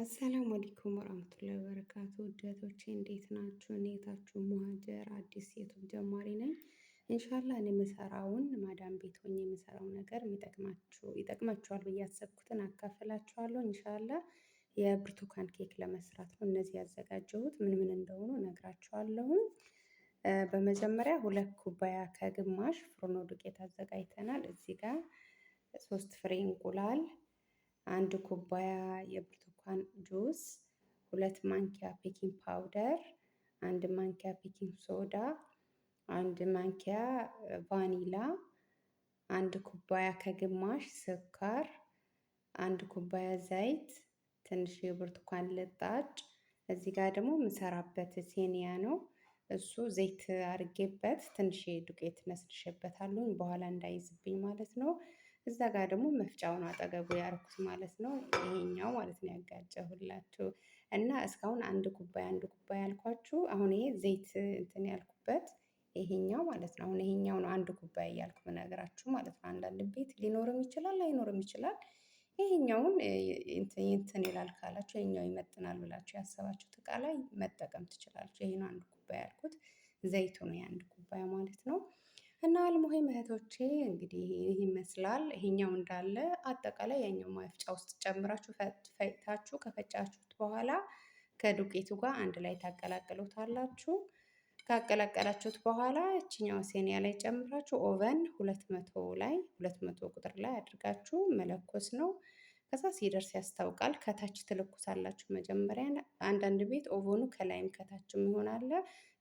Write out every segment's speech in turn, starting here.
አሰላሙ አለይኩም ወራህመቱላሂ ወበረካቱ ውደቶቼ እንዴት ናችሁ? እኔታችሁ ሙሀጀር አዲስ ዩቱብ ጀማሪ ነኝ። እንሻላ እኔ የምሰራውን ማዳም ቤት ሆኜ የምሰራው ነገር የሚጠቅማችሁ ይጠቅማችኋል ብዬ ያሰብኩትን አካፍላችኋለሁ። እንሻላ የብርቱካን ኬክ ለመስራት ነው እነዚህ ያዘጋጀሁት። ምን ምን እንደሆኑ ነግራችኋለሁ። በመጀመሪያ ሁለት ኩባያ ከግማሽ ፍርኖ ዱቄት አዘጋጅተናል። እዚህ ጋር ሶስት ፍሬ እንቁላል፣ አንድ ኩባያ የብርቱ ብርቱካን ጁስ፣ ሁለት ማንኪያ ቤኪንግ ፓውደር፣ አንድ ማንኪያ ቤኪንግ ሶዳ፣ አንድ ማንኪያ ቫኒላ፣ አንድ ኩባያ ከግማሽ ስኳር፣ አንድ ኩባያ ዘይት፣ ትንሽ የብርቱካን ልጣጭ። እዚህ ጋር ደግሞ የምሰራበት ሴኒያ ነው። እሱ ዘይት አድርጌበት ትንሽ ዱቄት ነስንሼበታለሁ፣ በኋላ እንዳይዝብኝ ማለት ነው። እዛ ጋር ደግሞ መፍጫውን አጠገቡ ያርኩት ማለት ነው። ይሄኛው ማለት ነው ያጋጨሁላችሁ እና እስካሁን አንድ ኩባያ አንድ ኩባያ ያልኳችሁ አሁን ይሄ ዘይት እንትን ያልኩበት ይሄኛው ማለት ነው። አሁን ይሄኛው ነው አንድ ኩባያ እያልኩ ነገራችሁ ማለት ነው። አንዳንድ ቤት ሊኖርም ይችላል ላይኖርም ይችላል። ይሄኛውን እንትን ይላል ካላችሁ ይሄኛው ይመጥናል ብላችሁ ያሰባችሁ እቃ ላይ መጠቀም ትችላላችሁ። ይሄ ነው አንድ ኩባያ ያልኩት ዘይቱ ነው የአንድ ኩባያ ማለት ነው። እና አልሙሄ እህቶቼ እንግዲህ ይህ ይመስላል። ይሄኛው እንዳለ አጠቃላይ ያኛው መፍጫ ውስጥ ጨምራችሁ ፈጭታችሁ ከፈጫችሁት በኋላ ከዱቄቱ ጋር አንድ ላይ ታቀላቅሉታላችሁ። ካቀላቀላችሁት በኋላ እችኛው ሴኒያ ላይ ጨምራችሁ ኦቨን ሁለት መቶ ላይ ሁለት መቶ ቁጥር ላይ አድርጋችሁ መለኮስ ነው። ከዛ ሲደርስ ያስታውቃል። ከታች ትለኩሳላችሁ መጀመሪያ። አንዳንድ ቤት ኦቨኑ ከላይም ከታችም ይሆናል፣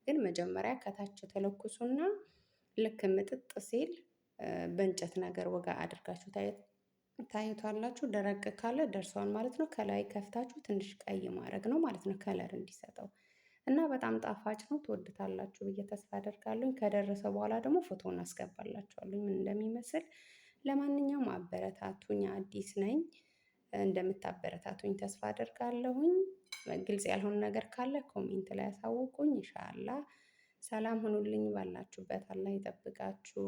ግን መጀመሪያ ከታች ተለኩሱና ልክ ምጥጥ ሲል በእንጨት ነገር ወጋ አድርጋችሁ ታዩታላችሁ። ደረቅ ካለ ደርሰዋል ማለት ነው። ከላይ ከፍታችሁ ትንሽ ቀይ ማድረግ ነው ማለት ነው፣ ከለር እንዲሰጠው እና በጣም ጣፋጭ ነው። ትወድታላችሁ ብዬ ተስፋ አደርጋለሁ ከደረሰ በኋላ ደግሞ ፎቶን እናስገባላችኋለሁ ምን እንደሚመስል። ለማንኛውም አበረታቱኝ፣ አዲስ ነኝ። እንደምታበረታቱኝ ተስፋ አደርጋለሁኝ። ግልጽ ያልሆነ ነገር ካለ ኮሜንት ላይ ያሳውቁኝ። ኢንሻአላህ ሰላም ሁኑልኝ ባላችሁበት፣ አላህ ይጠብቃችሁ።